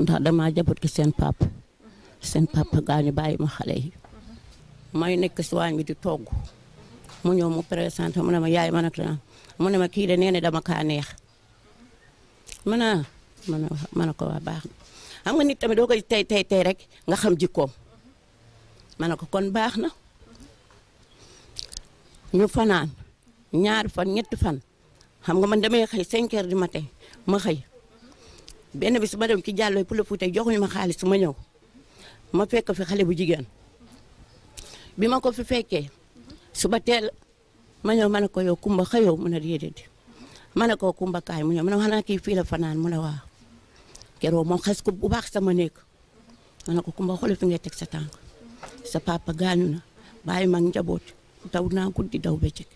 ndax dama jabut ki seen papa seen papa gaañu bàyyi ma xale yi may nekk si waañ bi di togg mu ñëw mu présenté mu ne ma yaay ma nag la mu ne ma kii de nee na dama kaa neex ma ne ma ne ko waa baax na xam nga nit tamit doo koy tey tey tey rek nga xam jikkoom ma ne ko kon baax na ñu fanaan ñaari fan ñetti fan xam nga man damay xëy 5 heures du ma xëy. benn bis ma dem ci jàlloy pour le Fouta joxuñu ma xaalis ma ñëw ma fekk fi xale bu jigéen bi ma ko fi fekkee suba teel ma ñëw ma ne ko yow Kumba xëyoo mu ne déedéet ma ne ko Kumba kaay mu ñëw ma ne fii la fanaan mu ne waaw keroog moom xas ko bu baax sama néeg ma ne ko Kumba xoolal fi ngay teg sa tànk sa papa gaañu na bàyyi ma njaboot daw naa guddi daw bëccëg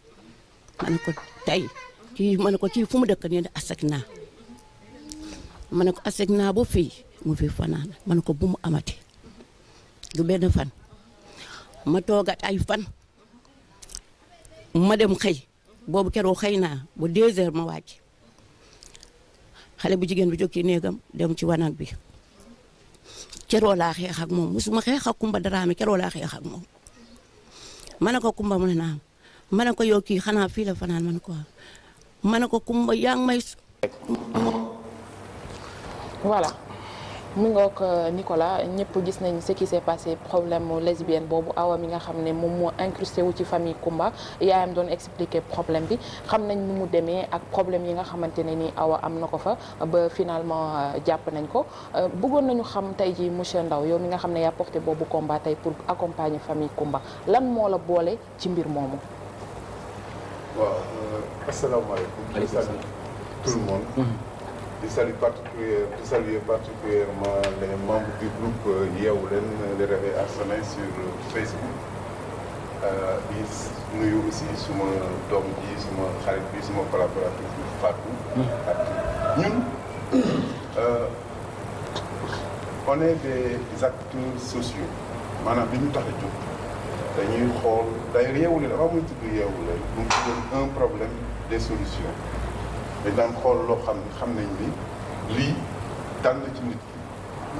ma ne ko tey kii ma ne ko kii fu mu dëkk nii asak naa. ma ne ko aseg naa ba fii mu fi fanaan ma ne ko bu amate amati du benn fan ma toogat ay fan ma dem xëy boobu keroo xëy naa ba deux heures ma wàcc xale bu jigéen bu jóg ci néegam dem ci wanag bi keroo laa xeex ak moom musuma xeex ak Kumba Daraame keroo laa xeex ak moom ma ne ko Kumba mu ne naam ma ne ko yow kii xanaa fii la fanaan ma ko ma ne ko Kumba yaa may. voilà mi ngoog euh, Nicolas ñëpp gis nañ ce qui s'est passé problème lesbienne boobu awa mi nga xam ne moom moo incrusté wu ci famille Kumba yaayam doon expliquer problème bi xam nañ nu mu demee ak problème yi nga xamante ne ni awa am na ko fa ba finalement euh, jàpp nañ ko euh, bëggoon nañu xam tey ji monsieur ndaw yow mi nga xam ne yaa boobu combat tey pour accompagner famille Kumba lan moo la boole ci mbir moomu. di saluer particulier di saluer particulièrement les membres du groupe euh, Yeewu Leen euh, le réveil Arsenal sur euh, Facebook nuyu aussi suma doom ji suma xarit bi suma collaboratrice bi Fatou ak ñun on est sociaux maanaam bi ñu tax a dañuy xool d'ailleurs Yeewu Leen avant muy tudd Yeewu Leen mu tuddoon un problème des solutions dañ daan xool loo xam ne xam nañ ni lii daan na ci nit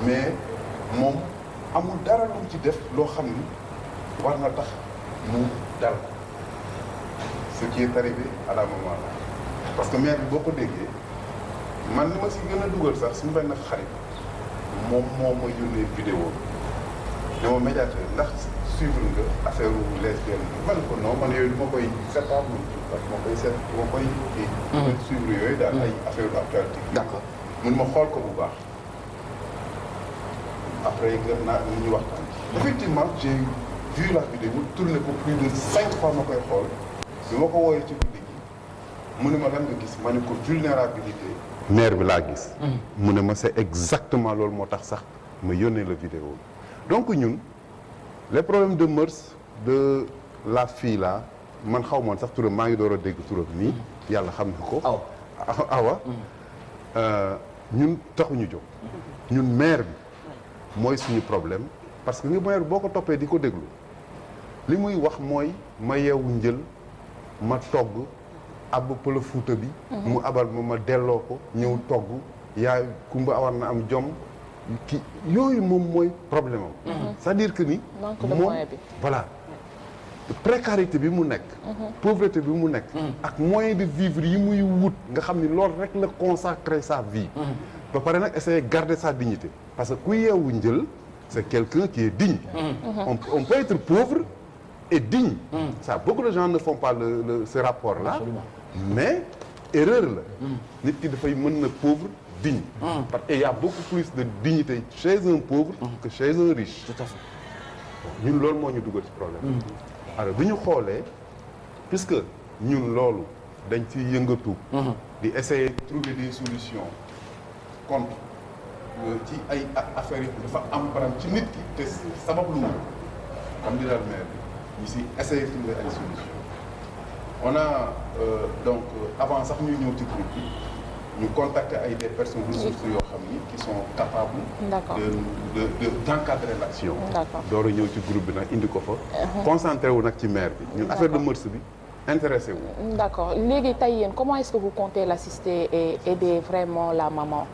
mais moom amul dara lu ci def loo xam ni war na tax mu dal ko ce qui est arrivé à parce que maire bi boo ko déggee man li ma si gën a dugal sax suñu benn xarit moom moo ma yónnee vidéo ne ma médiateur ndax suivre nga affaire wu lesbienne man ko non man yooyu du ma koy seetaan man parce que ma koy seet ma koy mhm. suivre yooyu daal ay mhm. affaire wu actualité d'accord mun ma xool ko bu baax après gën naa lu ñu waxtaan effectivement j'ai vu la vidéo mu tourné ko plus de cinq fois ma koy xool su ma ko wooyee ci guddi gi mu ne ma lan nga gis ma ne ko vulnérabilité maire bi laa gis mhm. mu ne ma c'est exactement loolu moo tax sax ma yónnee la vidéo donc ñun les problème de mœurs de la fille là man xaw moon sax turam maa ngi door a dégg turam nii yàlla xam na ko awa mm. euh, ñun taxuñu jóg ñun maire bi mooy suñu problème parce que nga maire boo ko toppee di ko déglu li muy wax mooy ma yeewu njël ma togg ab pël bi mm-hmm. mu abal ma ma delloo ko ñëw togg yaay kumba awar na am jom ki yooyu moom mooy problème am. Mhm. c'est-à-dire que ni. moom voilà précarité bi mu nekk. Mhm. pauvreté bi mu nekk. Mhm. ak moyen de vivre yi muy wut nga xam ni loolu rek la consacrer sa vie. ba pare nag essayer garder sa dignité parce que ku yeewu njël c'est quelqu'un qui est digne. on on peut être pauvre et digne. ça beaucoup de gens ne font pas le ce rapport là. mais erreur la. nit ki dafay mën na pauvre. digne. parce que il y a beaucoup plus un pauvre. que chez un riche. ñun loolu moo ñu dugal ci problème. Mm. alors bi ñu xoolee puisque ñun loolu dañ ci yëngatu. Mm-hmm. di essayer de trouver des solutions contre ci ay affaires yi dafa am baram ci nit ki te sabablu ma comme di daal maire bi ñu si essayer trouver ay solutions on euh, donc euh, avant sax ñuy ñëw ci groupe ñu contacter ay des personnes ressources yoo xam ni qui sont capables de de d'encadrer l'action door a ci groupe bi na indi ko fa uh-huh. concentré wu nag ci maire bi ñun affaire de mœurs bi intéressé wu d'accord léegi tey yéen comment est-ce que vous comptez l'assister et aider vraiment la maman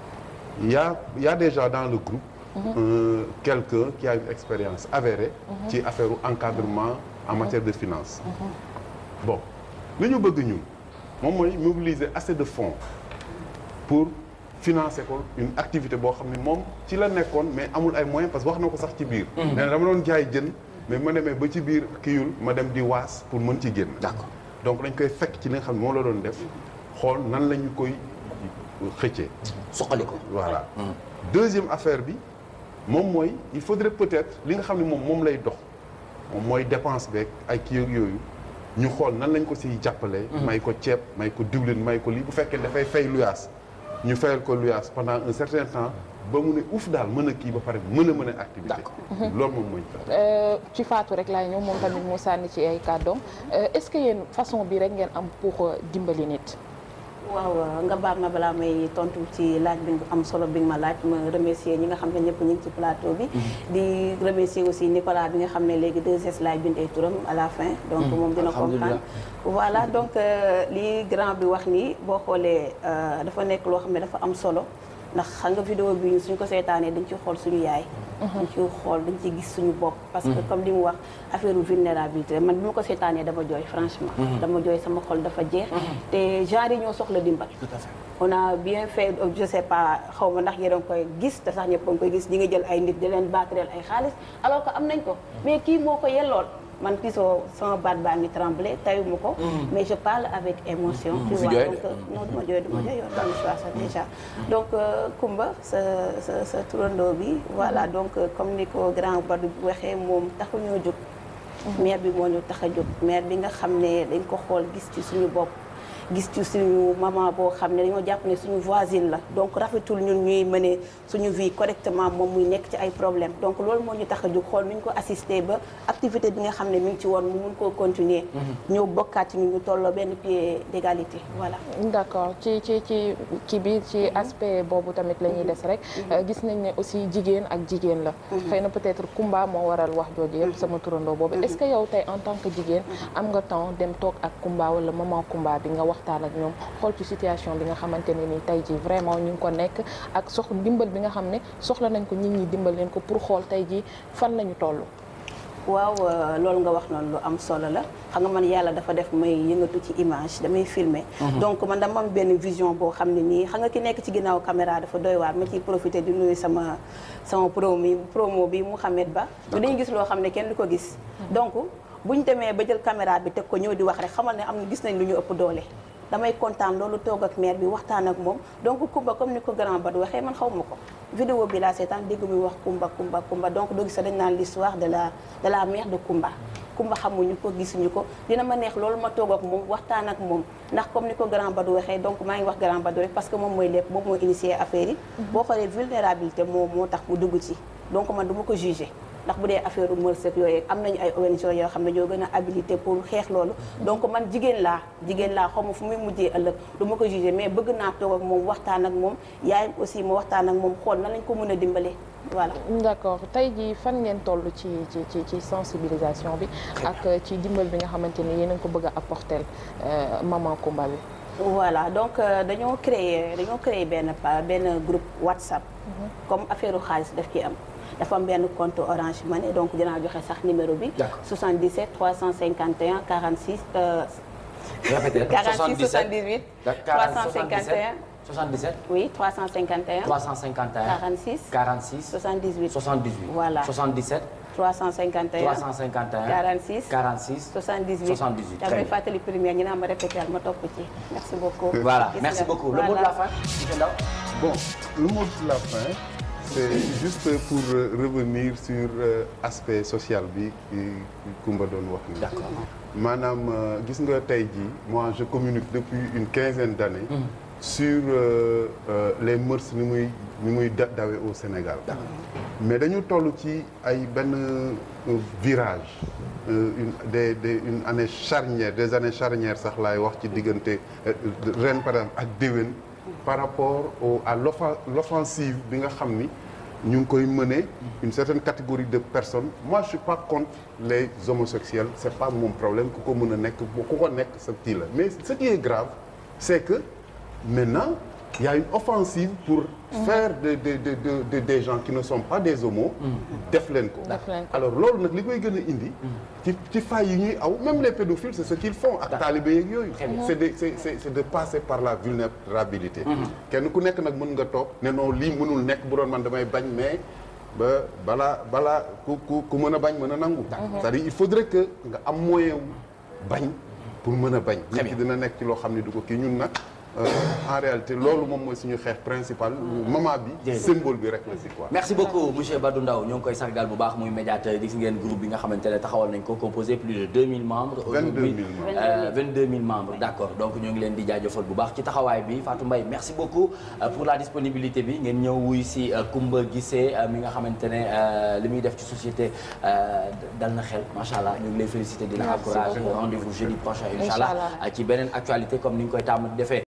il y a il déjà dans le groupe uh-huh. euh, quelqu'un qui a une expérience avérée uh-huh. ci affaire encadrement en matière de finance bon li ñu bëgg ñun moom mooy mobiliser assez de fonds pour financer ko une activité boo xam ne moom ci la nekkoon mais amul ay moyens parce que wax na ko sax ci biir. Mhm. nee na dama doon jaay jën. mais ma demee ba ci biir kiyul ma dem di waas pour mën ci génn. d'accord donc dañ koy fekk ci li nga xam ne moom la doon def xool nan la ñu koy xëccee. suqali ko voilà. Mhm. deuxième affaire bi moom mooy il faudrait peut-être li nga xam ne moom moom lay dox moom mooy dépense beeg ay kii yooyu. ñu xool nan lañ ko siy jàppalee. Mhm. may ko ceeb may ko diwlin may ko lii bu fekkee dafay fay luyaas. ñu fayal ko luyaas pendant un certain temps ba mu ne ouf daal mën a kii ba pare bi a mën a activité. loolu moom mooy euh, ci Fatou rek laay ñëw moom tamit moo sànni ci ay kàddoom euh, est-ce que yéen façon bi rek ngeen am pour euh, dimbali nit. waaw nga baal na balaa may tontu ci laaj bi am solo bi nga ma laaj ma remercier ñi nga xam ne ñëpp ñu ngi ci plateau bi. Mm-hmm. di remercier aussi Nicolas bi nga xam ne léegi 2S laay bindee turam à la mm-hmm. donc moom dina comprendre voilà donc euh, li grand bi wax nii boo xoolee euh, dafa nekk loo xam ne dafa am solo. ndax xam nga vidéo bi ñu suñ ko seetaanee dañ ci xool suñu yaay mhm. dañ ci xool dañ ci gis suñu bopp parce que mhm. comme li mu wax affaire vulnérabilité man bi ma ko seetaanee dama jooy franchement mhm. dama jooy sama xol dafa jeex te genre yi ñoo soxla dimbal on a bien fait je sais xaw ma ndax yéen a koy gis te sax ñëpp a koy gis ñi nga jël ay nit di leen baatareel ay xaalis alors que am nañ ko mais kii moo ko yellool man gisoo sama baat baa ngi tremblé tayuma ko. Mm. mais je parle avec émotion. Mm. tu vois donc mm. non du ma jooy du ma jooy yoon Kumba euh, sa sa sa bi voilà donc euh, comme ni ko grand Badou waxee moom taxuñoo jóg. maire bi moo ñu tax a jóg maire bi nga xam ne dañ ko xool gis ci suñu bopp. gis ci suñu maman boo xam ne dañoo jàpp ne suñu voisine la donc rafetul ñun ñuy mëne suñu vie correctement moom muy nekk ci ay problème donc loolu moo ñu tax a jóg xool nu ñu ko assister ba activité bi nga xam ne mi ngi ci woon mu mun koo continuer mhm. ñëw bokkaat ci ñu ñu tolloo benn pied d'égalité voilà d'accord ci ci ci kii bi ci mhm. aspect boobu tamit la ñuy des mhm. rek euh, gis nañ ne aussi jigéen ak jigéen la xëy na peut-être Kumba moo waral wax jooju yëpp sama turandoo boobu est-ce yow tey en tant jigéen am nga temps dem toog ak Kumba wala bi nga waxtaan ak ñoom xool ci situation bi nga xamante ne nii tey jii vraiment ñu ngi ko nekk ak sox dimbal bi nga xam ne soxla nañ ko nit ñi dimbal leen ko pour xool tey jii fan lañu toll. waaw euh, loolu nga wax noonu lu am solo la xam nga man yàlla dafa def may yëngatu ci image damay filmer mhm. donc man dama am benn vision boo xam ne nii xam nga ki nekk ci ginnaaw caméra dafa doy waar ma ciy profité di nuyu sama sama promo promo bi Mouhamed Ba. dañuy gis loo xam ne kenn du ko gis mhm. donc. bu ñu demee ba jël caméra bi teg ko ñëw di wax rek xamal ne am na gis nañ lu ñu ëpp doole damay kontaan loolu toog ak maire bi waxtaan ak moom donc Kumba comme ni ko grand Badou waxee man xaw ma ko. vidéo bi laa seetaan dégg wax Kumba Kumba Kumba donc doo gis dañ naan l'histoire de la de la mère de Kumba. Kumba xamuñu ko gisuñu ko dina ma neex loolu ma toog ak waxtaan ak moom ndax comme ni ko grand Badou waxee donc maa ngi wax grand Badou rek parce que moom mooy lépp moom mooy initier affaire yi. Mhm. boo xoolee vulnérabilité moo moo tax mu dugg ci donc man du ma ko jugé. ndax bu dee affaire mërsëg yooyu am nañu ay ONG yoo xam ne ñoo gën a habilité pour xeex loolu donc man jigéen laa jigéen laa xaw ma fu muy mujjee ëllëg du ma ko jugé mais bëgg naa toog moom waxtaan ak moom yaayam aussi ma waxtaan ak moom xool na lañ ko mën a dimbale voilà d'accord tey jii fan ngeen toll ci ci ci ci sensibilisation bi ak ci dimbal bi nga xamante ni yéen a ko bëgg a apporter euh, maman Coumba bi voilà donc euh, dañoo créer dañoo créer benn benn groupe WhatsApp mhm. comme affaire xaalis daf ci am dafa am benn compte Orange Money donc dinaa joxe sax numéro bi. 77 351 46. répétez 46 78 351. 77. oui 351. 351 46. 46 78. 78 voilà 77. 351 351. 46 46. 78 78 damay fàttali première ñu naan ma répété ma topp ci merci beaucoup. voilà merci beaucoup le mot de la fin monsieur Ndao. bon le mot de la fin. c'est euh, juste pour revenir sur euh, aspect social bi Kumba doon wax ni maanaam euh, gis nga tey jii moi je communique depuis une quinzaine d'années mm. sur euh, les mœurs ni muy muy dawe au Sénégal mais dañu toll ci ay benn virage euh, une des une année charnière des années charnières sax laay wax ci diggante ren par exemple ak déwén par rapport au à l'offensive bi nga xam ni ñu ngi koy mener une certaine catégorie de personnes moi je suis pas contre les homosexuels c'est pas mon problème ku ko mën a nekk ku ko nekk sa kii la mais ce qui est grave c'est que maintenant yaa y a une offensive pour faire de de de de des gens qui ne sont pas des homos def leen ko alors loolu nag li koy gën a indi ci ci fay yi ñuy aw même les pédophiles c'est ce qu'ils font ak taalibe yeeg yooyu c'est de c'est c'est de passer par la vulnérabilité mm-hmm. kenn ku nekk nag mën nga toog ne non lii mënul nekk bu doon man damay bañ mais ba balaa balaa ku ku mën a bañ mën a nangu c'est-à-dire que nga am moyen bañ pour mën a bañ nit ki dina nekk ci loo xam ne du ko kii ñun nag Euh, en réalité loolu moom mooy suñu xeex principal moment bi symbole bi rek la si quoi merci beaucoup monsieur Badou Ndao ñoo ngi koy sargal bu baax muy médiateur gis ngeen groupe bi nga xamante ne taxawal nañ ko composé plus de 2000 membres aujourd'hui 22000 euh, membres d'accord donc ñoo ngi leen di jaajëfal bu baax ci taxawaay bi Fatou Mbaye merci beaucoup euh, pour la disponibilité bi ngeen ñëw wuy si Kumba Gissé mi nga xamante ne li muy def ci société dal na xel macha allah ñoo ngi lay féliciter dina encourage rendez-vous jeudi prochain incha ci beneen actualité comme ni ñu koy tàmm defee